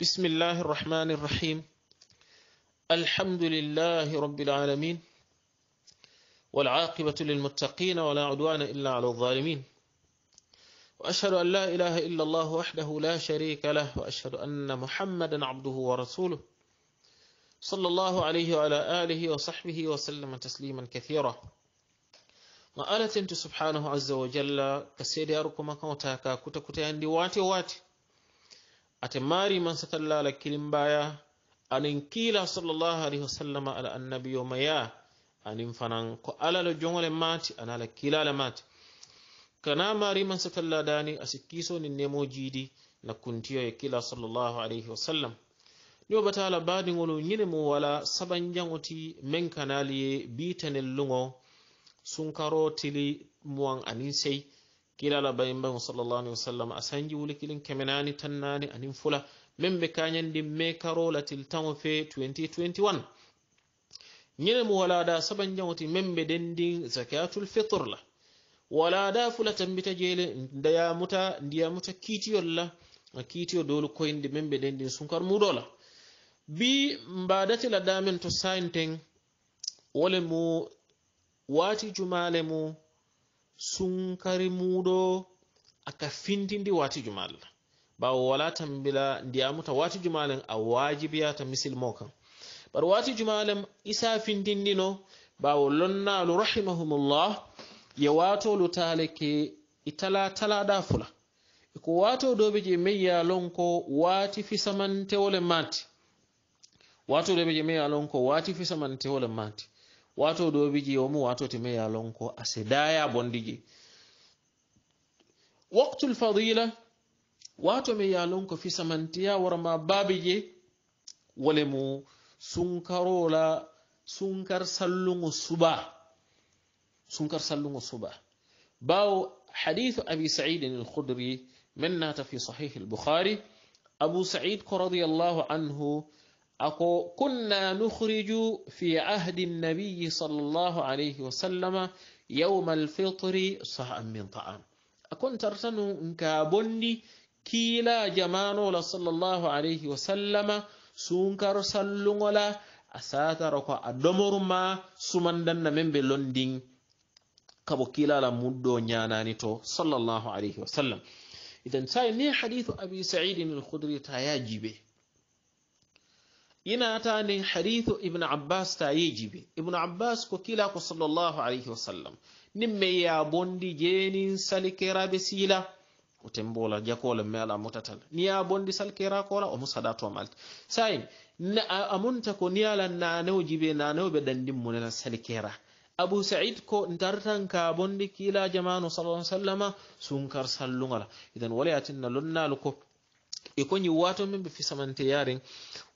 بسم الله الرحمن الرحيم الحمد لله رب العالمين والعاقبة للمتقين ولا عدوان إلا على الظالمين وأشهد أن لا إله إلا الله وحده لا شريك له وأشهد أن محمدا عبده ورسوله صلى الله عليه وعلى آله وصحبه وسلم تسليما كثيرا ما أنت سبحانه عز وجل كسيدي أركمك وتاكا كتا عندي واتي واتي ate maari man satallaala kilimbaaya anin kiila sallallahu alayhi wa sallama ala annabiyo maya anin fanan ko ala lo jogole maati ana ala kiilaala maati kana maari man satalla daani asi kiisoni nemo jiidi na kuntiyo e kiila sallallahu alayhi wa sallam niwo bataala baadigol ñine mum wala sabanjaŋoti min kanaali ye biitanel luŋo sunkaro tili muwan anin sey kilala bayimban sall llahu alihi wa sallam asanji wuli kilin kemenani tannani anin fula min ɓe kañandi me karo latil tano fe 2021 ñene mo walada saban jangoti min ɓe dendin zakatul fitr la walada fula tambita jeele dayamuta ndiyamuta kiitiyol la a kiitiyo dolu koyndi min ɓe dendin sunkar muɗo la bi mbadati la damen to sayinten wole mo waati jumale mo sunkari muɗo aka fintindi watijum allah bawo wala tambila ndiyamuta watijumalen a wajibiyata misilmo kan bar watijumalen isa fintindino bawo lonnalu rahimahumllah ye watolu taleke itala talaɗa fula eko wato doɓe je meyyalon ko wati fisamantewole mati watoɗoɓe je meyalon ko wati fisamantewole mati wato ɗo biji womo wato time yalon ko a sedaya bondiji waqtul fadila wato me yalon ko fi samantiya warma babije wole mu sunkarola sunkar sallungo suba sunkar sallungo suba باو حديث أبي سعيد الخدري من في صحيح البخاري أبو سعيد رضي الله عنه ako kunna nukhriju fi ahdi النبي صلى الله عليه وسلم يوم الفطر صاعا من طعام أكون ترتنو نكا بندي كيلا جمانو صلى الله عليه وسلم سونكر سلونغلا أساتا ركو أدمر ما سمندن من بلندين كبو كيلا لمدو نياناني تو صلى الله عليه وسلم إذن ساي ني حديث أبي سعيد الخدري تاياجي به yinatani hadithu ibnu abbas ta yejibe ibnu abbas ko kilako sallllah alayhi wasallam nin me yiya bondi jenin salikeraɓe siila otembola jakola meala mutatal niya bondi salkera kola o musaɗa tomalti sai amunta ko niyala nanewjibe nanewɓe ɗandinmunena salkera abou saïd ko dartan ka bondi kiila jamanu sa sallama sunkar salluŋala iden wala yatinna lonnalu ko e ko ñi wato men ɓe fisamante yare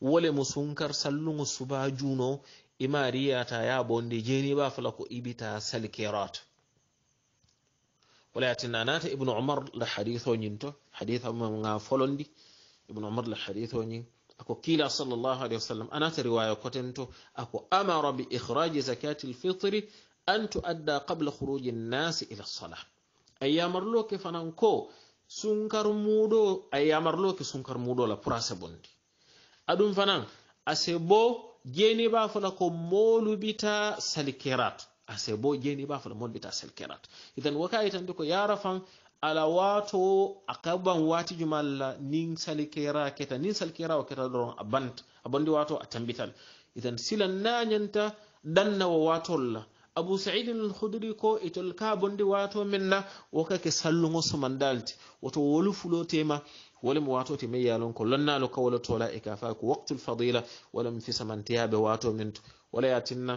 wole mo sunkar sallugo suba juno e mariyata yaɓo nde jeeniɓa e fala ko ibita salkerat wala yatinna nata ibnu omar la hadith o ñin to hadith amga folondi ibnu omar la hadith o ñin ako kiila sallllahu alih wa sallam anata riwaya koten to ako amara bi ihraji zakati lfitri an tuadda qable khuruji nnasi ila lsala ayyamarlo ke fanan ko sunkar muɗo a loki sunkar mudo la ase bondi adun fanan ase bo jeni ba fola ko bita salkirat ase bo jeni ba molu bita salikerat idan waka itande ko yara fan ala wato a kaban wati jumalla nin salikera keta nin salikera wa keta doron a bant a wato a idan silan na danna wa wato la abou saidi nan hudri ko itol ka bondi wato menna wokake sallugo sumandalti woto wolu fulotema walemo watotema yalon ko lonnalo ka wala tola e ka faa ko waktul fadila wala mi fisamantiyaɓe wato mento wala ya tinna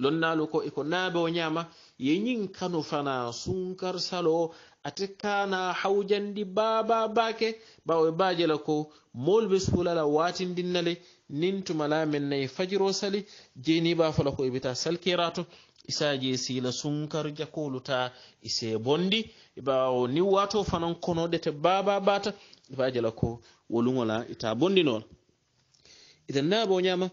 lonnalo ko eko naɓe o ñama yeñin kano fana sunkar salo ate kana hawjandi baba bake bawe bajela ko molɓe suulala watindinnale nin tumala men nayi fajiro sali jeeniba fala ko ibita e salkerato isaji sila sunkar jakoluta ise bondi ibawo ni wato fanan kono dete baba bata ibajala ko wolugola ita bondi non ita nabo ñama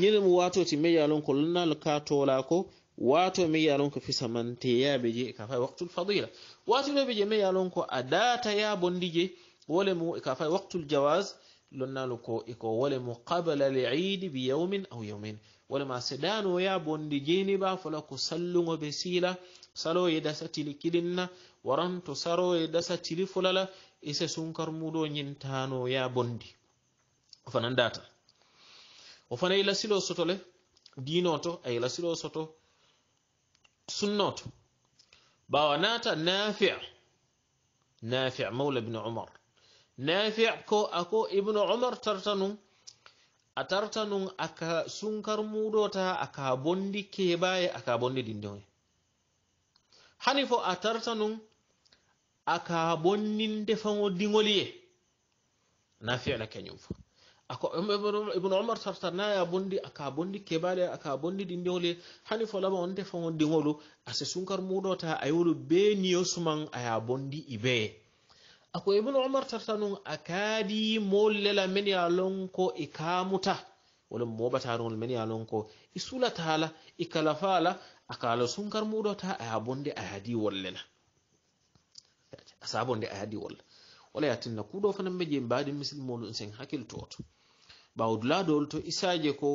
ñinemo watoti meyalon ko lonal katola ko wato meyalon ko fisamante yabeje e kafa waqtul fadila watinoɓe je meyalon ko a data ya bondi je wolemo e kafa waqtul jawas lonnalu ko eko wolemo qabala l idi bi yawmin aw yawmin wolema seɗanoya bondi jeniba fola ko sallugoɓe siila saloye dasa tili kilinna waranto saroye dasa tili fulala ise e sunkar muɗo ñintanoya bondi o fana data o fana ila e silo soto le dinoto a ila silo soto sunnoto bawa nata nafi nafi maula bine omar naafi ko ako ibnu umar tartanum a tartanum aka sunkar muɗota aka bondi kebaye aka bondi dindoye hani fo a tartanum aka bonninde fao dingoliye nafina kañum fo ako ibnu umar tarta naya bondi aka bondi kebaɗe aka bondi dindoli hani fo laba onde fao dingolu ase sunkar muɗota a yolu be niyosuman aya bondi ibeye ako ibnu umar tarta nun a kaadi mollela men ya lonko i kamuta wala moɓatanol men ya lonko i sulatala i kalafala a kala sunkar muɗota aya bonde a yadi wollena a sabonde a yadi wolla wala yatinna kuɗo fana me je mbaɗi misilmolu sen hakkiltoto ɓawo dula dol to isaje ko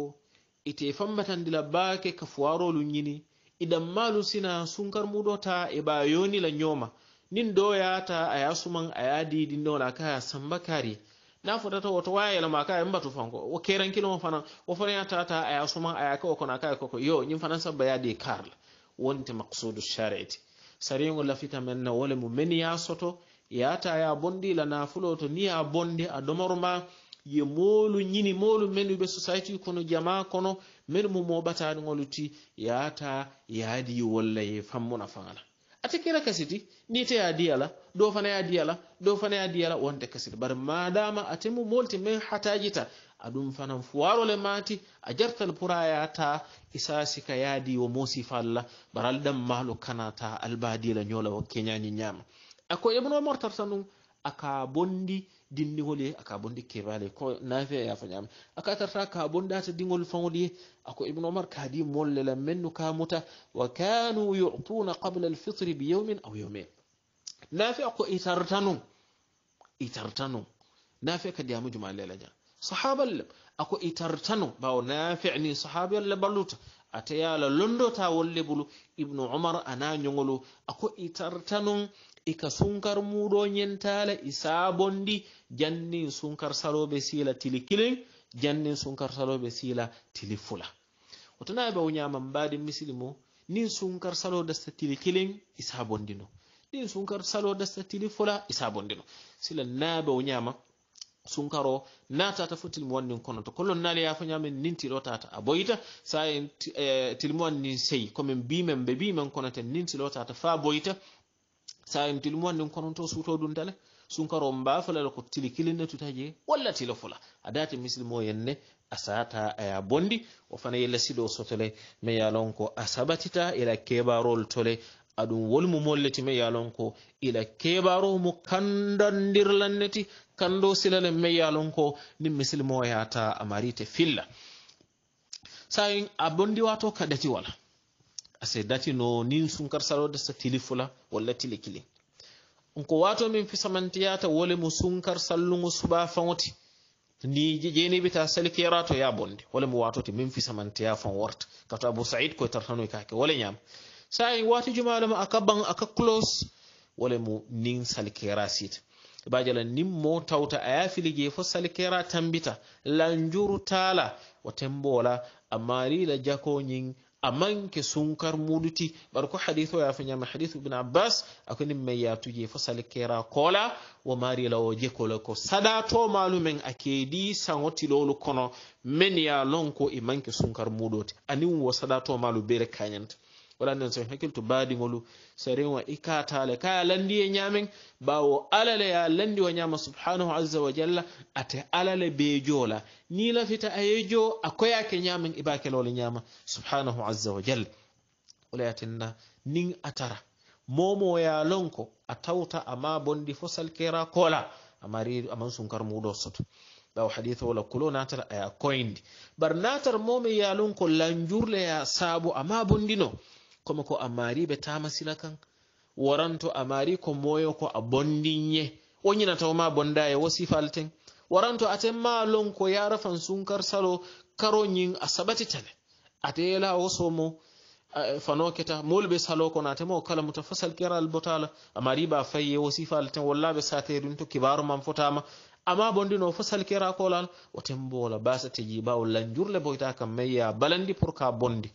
ite fammatandila bake ka fuwarolu ñini iɗammalu sina sunkar muɗota e ɓa yonila ñoma nin do yata a ya suman a di din dola ka samba kari na fotata woto waya yelama ka ya mbatu fanko wo keran kilimo fana wo fana ya tata a suman a ya ka ka koko yo ñin fana sabba ya di karla wonte maqsudu shari'ati sariŋo lafita men na wole mu men ya soto yata ya bondi la nafulo to ni ya bondi a domaruma ye moolu ñini moolu menu be society kono jama kono menu mu moɓataɗiŋolu ti yata yaadi walla ye fammuna faŋala ate kira kasiti nite ya diyala do fana yadi diyala do fana ya diyala wonte kasiti bar madama atemu molti men hatajita aɗum fuwaro le mati a jartal ta isa ka yadi wo mosifa allah bara mahlu maalo kanata albadila nyola wo keñañi nyama ako ibn mortarta tarsanu aka bondi dindiŋol ye a ka bondi kebaale ko nafe ya fo ñaami a ka tarta ka ako ibnu omar ka di la mennu ka muta wa kanu yutuna qabla alfitri bi yawmin aw yawmin nafe ko itartanu itartanu nafe ka diyamu juma lela ñaam sahaba ako itartanu bawo nafe ni sahabi le balluta ate yaala londota wolle bulu ibnu omar ana ñoŋolu ako itartanu ika sunkar muɗo ñentale isabondi bondi jannin sunkar saloɓe sila tili kilin jannin sunkar saloɓe sila tili fula wotonaɓe o mbadi misilimo nin sunkar salo dasta tili kilin isaa nin sunkar salo dasta tili fula isaa sila naɓe o ñama sunkaro natata fo tilmi wannin kono to kollon naali yafo ñamen nin tiɗo tata a boyita sa en eh, tilmi wannin seyi komin mbimen ɓe mbimen kono ten nin tiɗo tata fa boyita sawim tilum wandi konon to suto ɗum tale sunkaro mbafalal ko tili kilinne tutaji walla tilo fula a dati misilimo yenne a sata aya bondi o fana yella sido sotole ma yalon ko a sabatita ila kebarol tole aɗum wolmo molletima yalon ko ila kebaro mo kandandirlanneti kando silale ma yalon ko ndin misilimo yata amarite filla sawin a bondi wato kaɗati wala no nin sunkar da tili fula wala tili kili nko wato min fi ta wole mu sunkar suba suɓa Ni je ne bita salikera to ya bonde wole wato watoti min fi samantiya fan ka kato abou said tarhanu ka ke wole nyam sai wato jumalema aka ban aka close wole mu nin salikera sita bajala nin mo tawta aya filige fo salikera tambita lanjuru tala watembola amari la lila jakoñin ke sunkar muluti bar ko hadithu ya fanya ma hadithu ibn abbas akoni mai ya tuje fasal kera kola wa mari lawo je kola ko sada to malumen akedi sanoti lolu kono men ya lonko ke sunkar muluti anin wo sada to malu bere kanyanta waɗannan sun hakiltu baɗigolu sarenwa ikatale kaya landiye ñamen bawo alale ya landi wa ñama subhanahu azza wa jalla ate alale be joola ni lafita aye jo a koyake ñamen ibakelole ñama subhanahu azza wa jalla wolayatinna nin atara momoya lonko a ama bondi fo salkera kola amari aman sunkar muɗo soto ɓawo haditha wala kulo natar aya koyndi bar natar momi yalonko lanjurle ya saabu ama bondino comme ko be maariɓe tamasila kan waranto a ko moyo ko a bondinye wo ñinatawma bondaye wo sifal ten waranto aten ma ko yarafan sunkar salo karo ñin a sabatitane ate la wo somo eh, salo kono atema o kala muta fasal keral botala ama riba fayye wo sifal ten wallaɓe to kibaru man fotama amma bondino fasal kera kolal woten basa tejiba o lanjurle boyta kam mayya balandi pour bondi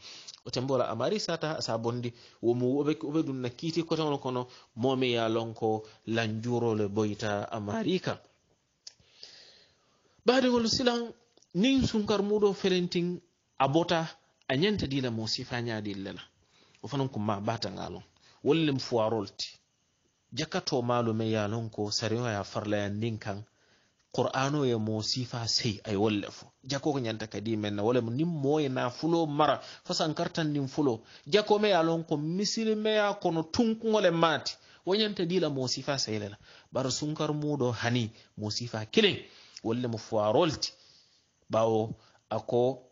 o tembola amari sata sa bondi womu oɓe ɗum nakkiti kotawol kono momi yalonko lanjurole boyta amarika badigol silan nin sunkar muɗo felentin a bota a ñanta dila mo sifa ñadillela o fanan kumma batangalon wollem fowarolti jakkato malume yalonko sarioya farlaya nin kan qur'ano ye mo sifa sey ay wolle fo jako ko nyanta kadi men na wala nim moye na fulo mara fasan kartan nim fulo jako me ya lon ko misil me ya ko kono tunkugole maati wo ñanta dila mo sifa seylela bara sunkar mudo hani mo sifa kilin wolle mo fowarolti ɓawo ako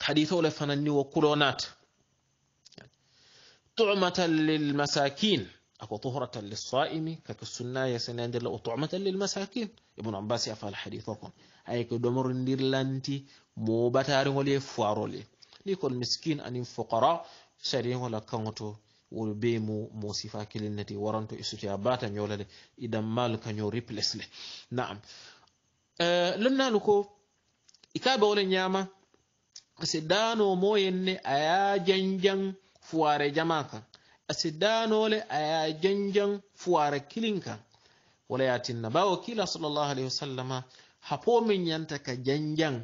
hadithole fananni wo kulo naata tumatan masakin أكو طهرة للصائم كالسنة يسنى عند الله وطعمة للمساكين ابن عباس يفعل حديثكم أي كدمر ندير لانتي موبتار ولي فوارولي ليكو المسكين أن الفقراء شريه ولا كنتو ولبيمو موصفة كلنتي ورانتو إسوتي أباتا يولد إذا مال كان يوريبلس لي نعم أه لنا لكو إكابة ولي نياما سيدانو موين أيا جنجن فواري جماكا a siddanole aya janjang fuwara kilin kan wala ya tinna bawo kila sallallahu alaihi wasallama hapo min yanta ka janjang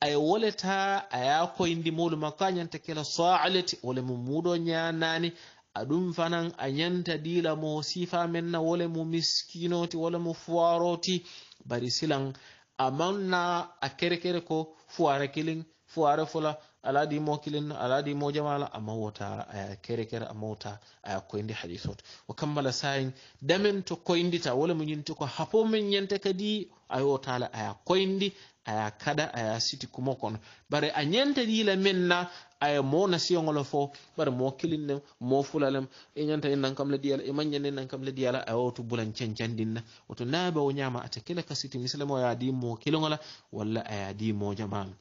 ay woleta aya koyndi molu makka yanta kela salati wole mu mudo nyanani aɗum fanan a yanta dila mo sifa menna wole mu miskinoti wole mu fuwaroti bari silan amanna a kerekere ko fuwara kilin fuwara fula ala di mo kilin ala di mo jamala amma wota aya kere kere amma wota aya koyndi hadisot wa kammala sayin damen to ko indi ta wala mun yinto ko hapo men ñente kadi ayo tala aya ko indi aya kada aya siti kuma kon bare a ñente dila men na aya mo na si ngolo fo bare mo kilin nem mo fulalem e ñanta en nankam le diyal e man maññande nankam le diyala aya woto bulan dinna woto naaba wo ñama ata kila kasiti siti misilamo ya di mo kiloŋola wala aya di mo jamala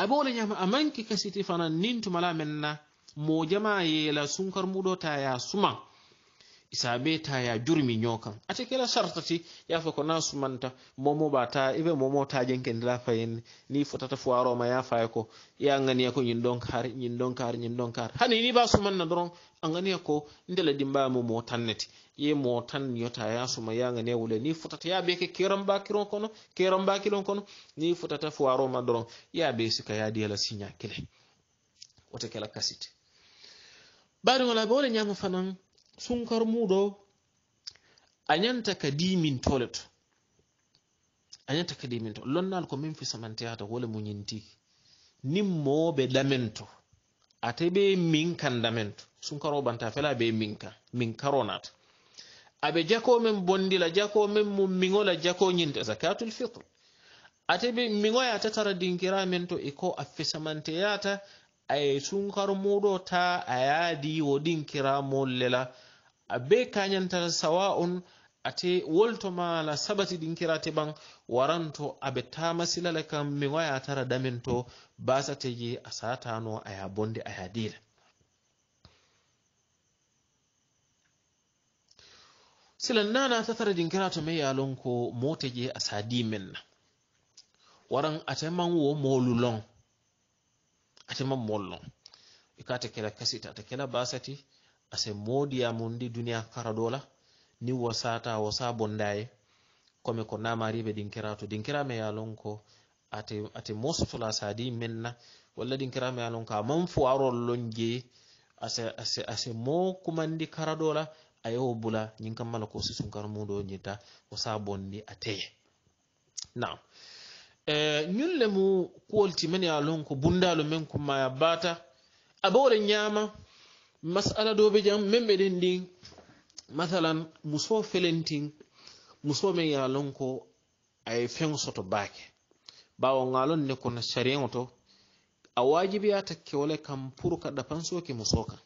a be wo le ñama a maŋ ke kasiti fanaŋ niŋ tumala meŋ na moo jama ye la sunkar mudo ta ye a sumaŋ isaabe ta ya jurmi ñookam ate kela sartati yaafa ko nasumanta momoɓa ta eɓe momo ta jenkendela fayenne ni fotata foiroma yafay ko ya ganiya ko ñin ɗonkar ñin ɗonkar ñin ɗonkar hani ni ba sumanna doron a ganiya ko ndela dimba momo tannete ye mo tan yota yasuma ya ganiya wule ni fotata yaabe ke keramba kiron kono keramba kilon kono ni fotata foiroma doron yaabe sika yaadiyala signa kile wote kela kasite baɗigolaɓe wole ñama fanan sunkar muɗo a ñanta kadi min toleto to lonnal ko min fisamanteyata wole muñinti nin moɓe ɗamento ate ɓe min kan ɗamento sunkaro banta fela ɓe min min karonata aɓe jako men bondila jako men mum miŋola jako ñinte zakatul fitre ate ɓe miŋoyata tara dinkira men iko a fisamanteyata aye sunkar muɗo ta a yaadi wo dinkira molle la abe kañantal sawa'un ate woltoma la sabati te ban waranto be tama silala kam mi waya tara damin to yi a sata a aya bonde ya dila silan nana ta tara ta mai yalon ko mota je a sadi na waran a man wo molulon man molulon ikata kira kasita ta kela basati ase modiyamum ndi duniya kara ɗola ni wasata wasa bondaye kome ko namariɓe ɗinkirato ɗinkirama yalon ko ate, ate mostola sadi menna walla ɗinkirama yalon ko aman fo arollon je ase, ase, ase mo kumandi kara ɗola ayeho bula ñin kam mala ko sisunkar muɗo ñitta wasa bondi ateye na ñulle e, eh, mu kuwoltimen yalon ko bundalu men kummaya bata aɓe wole ñama masala do be jam men den ndin masalan muso felentin muso men ya lonko ay aye feŋ soto baake bawo ngalon ne kono shari'a to a wajibi takke wala kam pour ka ɗapansoke muso kan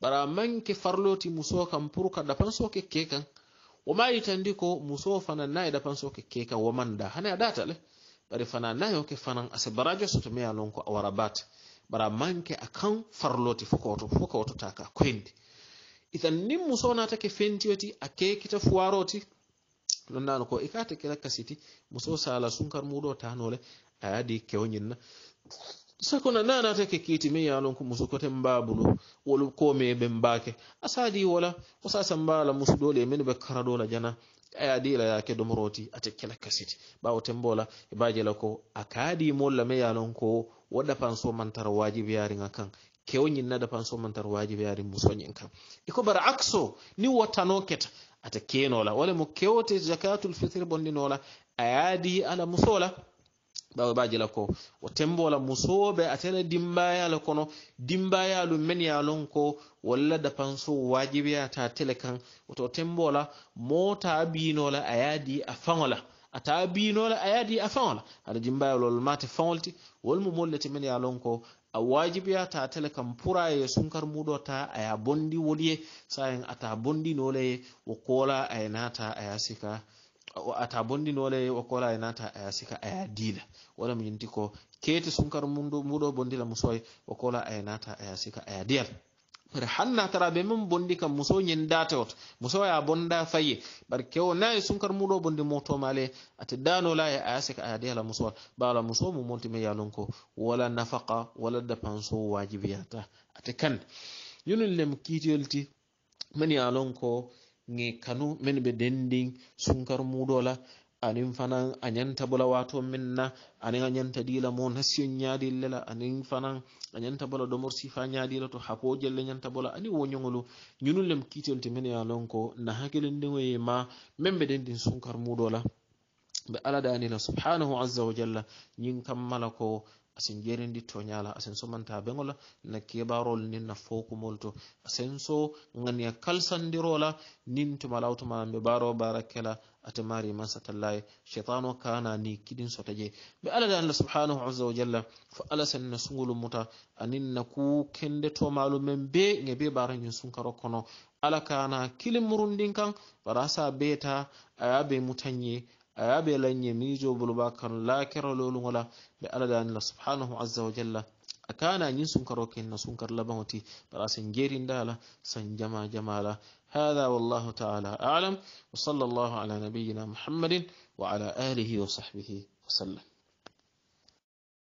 bara manke farloti muso kan pour ka ɗapansoke ke kan woma yitandi ko muso fana soke ɗapansoke ke kan da hana data le bari fana ke fanan ase soto me ya lonko awara bata bara manke akan farloti fokoto fokoto taka kwendi itan nin muso fenti fentiyoti a kita fuwaroti ɗon nano ko ikata kate kela kasiti muso sala sunkar muɗo tanole a yadi na sakona nanatake kiiti min yalon ko musu koten mbabulo wolu kome ɓe mbake asadi wala o sasa mbala musu ɗole e min karado la jana ya ayadila yake domoroti ate kela kasiti ɓawo tembola e bajela ko a kaadi molla me yalon ko woɗa pansomantara wajibe yaari ga kan kewñinnaɗa pansomantara wajibe yaari musoñen kan e ko bara axo ni wottanoketa ata kenola wala mo kewte zakatul fitre bonɗinola a yaadi ala musola ɓawo bajila ko o tembola musoɓe atena dimbayala kono dimbayalu men yalon ko walla dapanso wajibeyata tele kan oto tembola mota binola a yaadi a fagola ataabinola ayadi a faŋo feŋola aɗa jimbayo lol mate feŋolti wolmo molleti ye a lon ko a waajibiya ta tele kam pura ye sunkar muɗo ta a aya bondi woliye sayen ata bondinoleye wo kola aya nata aya sika ata bondinoleye wo kola a nata aya sika aya diila wala mi yinti ko keeti sunkar muɗo bondi bondila musoye wo kola aya nata a sika aya diyal bara hanna tara be min bondi kam muso ñindate oto muso ya bonda faye bar kewo nayi sunkar muɗo bondi motomale ate danola e ayasek ayade ala musowal bawala muso mu montime yalon ko wala nafaka wala dépense wajibiyata ate kan ñunun lem kiitiyolti min yalon ko kanu min ɓe dendin sunkar la anin fanan a ñanta bula wato min na anin a ñanta dila mo nasiyon ñadille la anin fanan a ñanta bula domor sifa ñadila to hako jelle ñanta bula ani wo ñogolu ñunun lem kiitol ti min ya ko na hakkilindiŋo ye ma meŋ be den din sunkar mudo la be ala danila subhanahu azza wa jalla ñiŋ kammala ko asin jerindi to ñala asin somanta beŋola na kebarol nin na fokumol to asin so ŋaniya kalsandirola nin tumalaw be baro bara Ati mari mansa tallaye shaitano kana ni kidin sota je bi ala da allah subhanahu azza wa jalla fa ala sanna muta anin na ku kende to be nge be baran yin sun karo kono ala kana kilin murundin kan barasa beta aya mutanye ayabe lanye mijo buluba kan lakira lolungola bi ala da allah subhanahu azza wa jalla akana nyin sun karo ken na sunkar laban wati bara san jerin dala san jama jamala هذا والله تعالى أعلم وصلى الله على نبينا محمد وعلى آله وصحبه وسلم